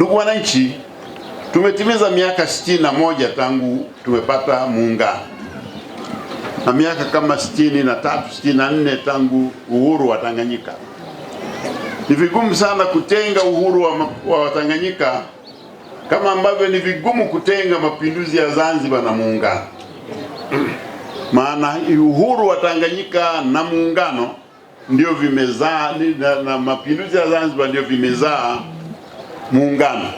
Ndugu wananchi, tumetimiza miaka sitini na moja tangu tumepata muungano na miaka kama sitini na tatu sitini na nne tangu uhuru wa Tanganyika. Ni vigumu sana kutenga uhuru wa, wa Tanganyika kama ambavyo ni vigumu kutenga mapinduzi ya Zanzibar na muungano maana uhuru wa Tanganyika na muungano ndio vimezaa na, na mapinduzi ya Zanzibar ndio vimezaa muungano,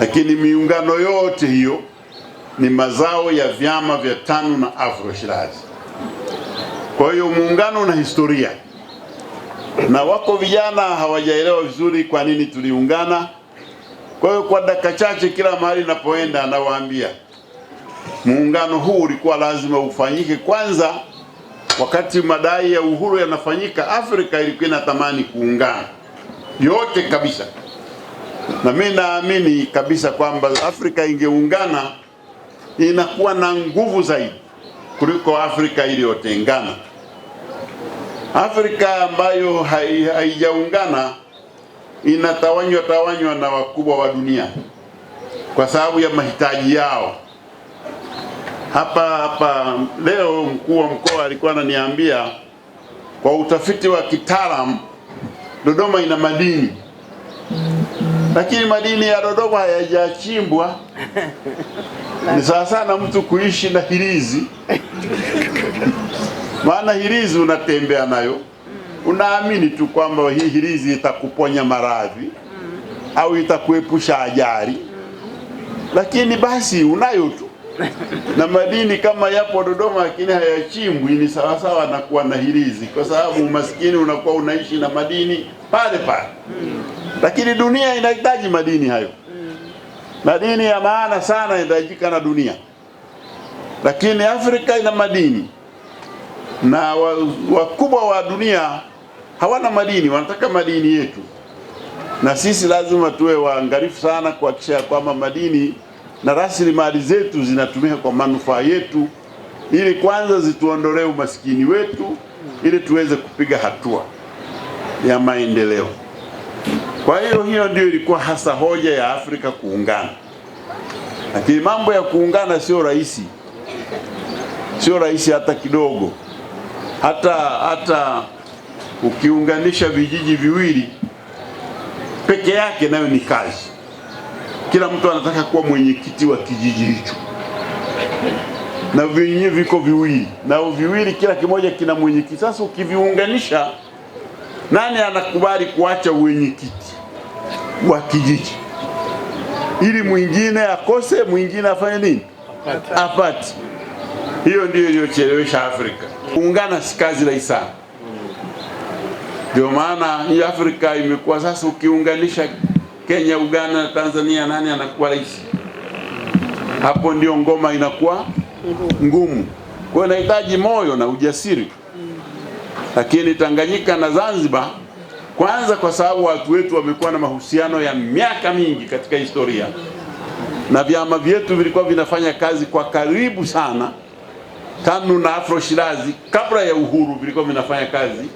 lakini miungano yote hiyo ni mazao ya vyama vya TANU na Afro Shirazi. Kwa hiyo muungano una historia, na wako vijana hawajaelewa vizuri kwa nini tuliungana. Kwa hiyo kwa dakika chache, kila mahali napoenda anawaambia muungano huu ulikuwa lazima ufanyike kwanza. Wakati madai ya uhuru yanafanyika, Afrika ilikuwa inatamani kuungana yote kabisa na mimi naamini kabisa kwamba Afrika ingeungana inakuwa na nguvu zaidi kuliko Afrika iliyotengana. Afrika ambayo haijaungana inatawanywa tawanywa na wakubwa wa dunia kwa sababu ya mahitaji yao. Hapa hapa leo mkuu wa mkoa alikuwa ananiambia kwa utafiti wa kitaalamu Dodoma ina madini lakini madini ya Dodoma hayajachimbwa. Ni sawa sana mtu kuishi na hirizi maana hirizi unatembea nayo unaamini tu kwamba hii hirizi itakuponya maradhi mm. au itakuepusha ajali, mm. lakini basi unayo tu. Na madini kama yapo Dodoma lakini hayachimbwi, ni sawasawa na kuwa na hirizi, kwa sababu umaskini unakuwa unaishi na madini pale pale. Mm lakini dunia inahitaji madini hayo mm. Madini ya maana sana inahitajika na dunia, lakini Afrika ina madini na wakubwa wa dunia hawana madini, wanataka madini yetu, na sisi lazima tuwe waangalifu sana kuhakikisha ya kwamba madini na rasilimali zetu zinatumika kwa manufaa yetu, ili kwanza zituondolee umasikini wetu, mm. ili tuweze kupiga hatua ya maendeleo. Kwa hiyo hiyo ndio ilikuwa hasa hoja ya Afrika kuungana, lakini mambo ya kuungana sio rahisi, sio rahisi hata kidogo. Hata hata ukiunganisha vijiji viwili peke yake, nayo ni kazi. Kila mtu anataka kuwa mwenyekiti wa kijiji hicho, na vyenyewe viko viwili, na viwili, kila kimoja kina mwenyekiti. Sasa ukiviunganisha, nani anakubali kuacha mwenyekiti? wa kijiji, ili mwingine akose, mwingine afanye nini? Apate. Hiyo ndiyo iliyochelewesha Afrika. Kuungana si kazi rahisi sana, ndio maana hii Afrika imekuwa sasa, ukiunganisha Kenya, Uganda na Tanzania, nani anakuwa rais? Hapo ndio ngoma inakuwa ngumu. Kwa hiyo inahitaji moyo na ujasiri, lakini Tanganyika na Zanzibar kwanza kwa sababu watu wetu wamekuwa na mahusiano ya miaka mingi katika historia, na vyama vyetu vilikuwa vinafanya kazi kwa karibu sana. TANU na Afro Shirazi kabla ya uhuru vilikuwa vinafanya kazi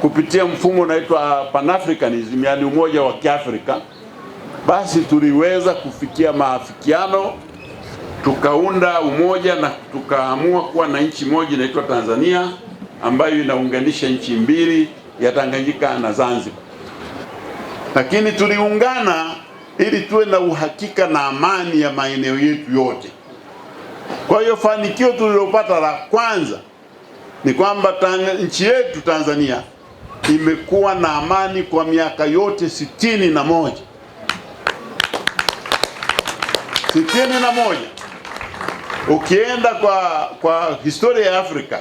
kupitia mfumo unaitwa Pan-Africanism, yani umoja wa Kiafrika. Basi tuliweza kufikia maafikiano, tukaunda umoja na tukaamua kuwa na nchi moja inaitwa Tanzania ambayo inaunganisha nchi mbili ya Tanganyika na Zanzibar, lakini tuliungana ili tuwe na uhakika na amani ya maeneo yetu yote. Kwa hiyo fanikio tulilopata la kwanza ni kwamba nchi yetu Tanzania imekuwa na amani kwa miaka yote sitini na moja sitini na moja. Ukienda kwa, kwa historia ya Afrika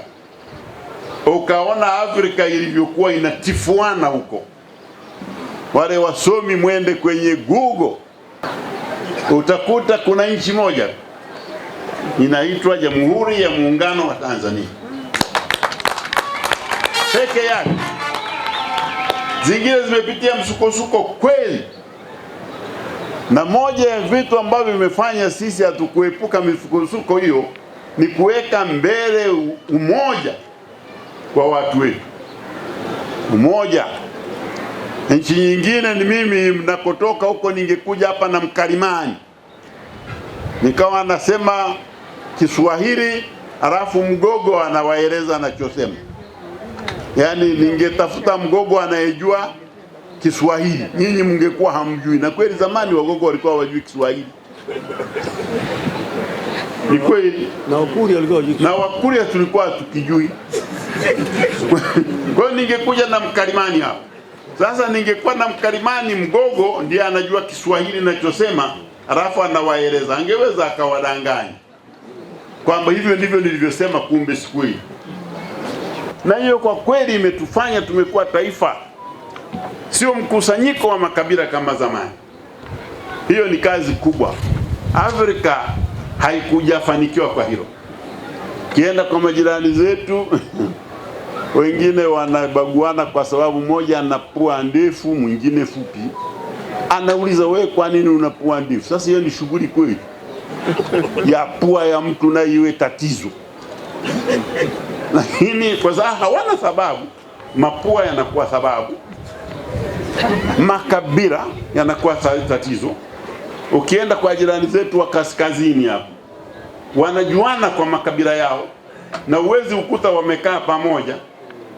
ukaona Afrika ilivyokuwa inatifuana huko. Wale wasomi mwende kwenye Google, utakuta kuna nchi moja inaitwa Jamhuri ya Muungano wa Tanzania peke yake, zingine zimepitia msukosuko kweli, na moja ya vitu ambavyo vimefanya sisi hatukuepuka misukosuko hiyo ni kuweka mbele umoja kwa watu wetu. Mmoja, nchi nyingine ni mimi mnakotoka huko, ningekuja hapa na mkalimani nikawa nasema Kiswahili alafu Mgogo anawaeleza anachosema, yaani ningetafuta Mgogo anayejua Kiswahili, nyinyi mngekuwa hamjui. Na kweli zamani Wagogo walikuwa wajui Kiswahili, ni kweli, na Wakuria tulikuwa hatukijui. Kwa hiyo ningekuja na mkalimani hapa sasa, ningekuwa na mkalimani mgogo, ndiye anajua Kiswahili ninachosema, alafu anawaeleza, angeweza akawadanganya kwamba hivyo ndivyo nilivyosema, kumbe siku hii. Na hiyo kwa kweli imetufanya tumekuwa taifa, sio mkusanyiko wa makabila kama zamani. Hiyo ni kazi kubwa. Afrika haikujafanikiwa kwa hilo, kienda kwa majirani zetu Wengine wanabaguana kwa sababu moja ana pua ndefu mwingine fupi, anauliza wewe, kwa nini una pua ndefu? Sasa hiyo ni shughuli kweli ya pua ya mtu na iwe tatizo, lakini kwa sababu hawana sababu, mapua yanakuwa sababu, makabila yanakuwa tatizo. Ukienda kwa jirani zetu wa kaskazini hapo, wanajuana kwa makabila yao na uwezi ukuta wamekaa pamoja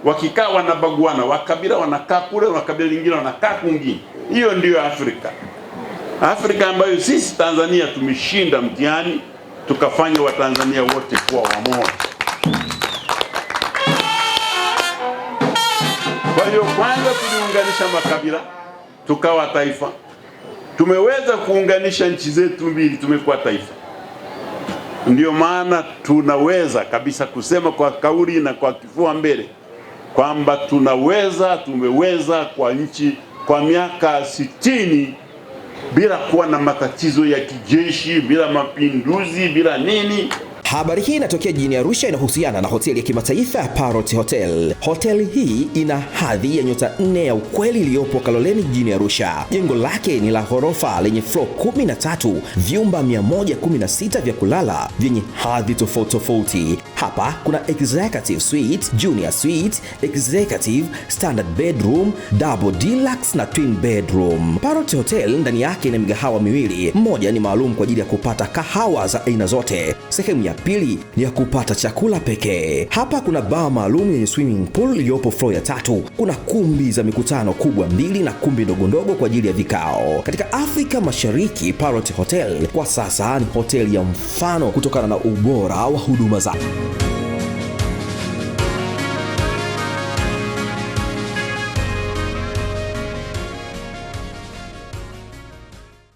wakikaa wanabaguana, wakabila wanakaa kule, wakabila lingine wanakaa kungine. Hiyo ndiyo Afrika, Afrika ambayo sisi Tanzania tumeshinda mtihani tukafanya Watanzania wote kuwa wamoja. Kwa hiyo kwanza tuliunganisha makabila tukawa taifa, tumeweza kuunganisha nchi zetu mbili, tumekuwa taifa. Ndiyo maana tunaweza kabisa kusema kwa kauli na kwa kifua mbele kwamba tunaweza, tumeweza kwa nchi kwa miaka sitini bila kuwa na matatizo ya kijeshi, bila mapinduzi, bila nini. Habari hii inatokea jijini Arusha, inahusiana na hoteli ya kimataifa ya Parrot Hotel. Hoteli hii ina hadhi ya nyota nne ya ukweli iliyopo Kaloleni jijini Arusha. Jengo lake ni la ghorofa lenye floor 13, vyumba 116 vya kulala vyenye hadhi tofauti tofauti. Hapa kuna executive suite, junior suite, executive, standard bedroom, double deluxe na twin bedroom. Parrot Hotel ndani yake ina migahawa miwili, mmoja ni maalum kwa ajili ya kupata kahawa za aina zote, sehemu ya pili ni ya kupata chakula pekee. Hapa kuna baa maalum yenye swimming pool iliyopo floor ya tatu. Kuna kumbi za mikutano kubwa mbili na kumbi ndogondogo kwa ajili ya vikao. Katika Afrika Mashariki, Parrot Hotel kwa sasa ni hoteli ya mfano kutokana na ubora wa huduma zake. you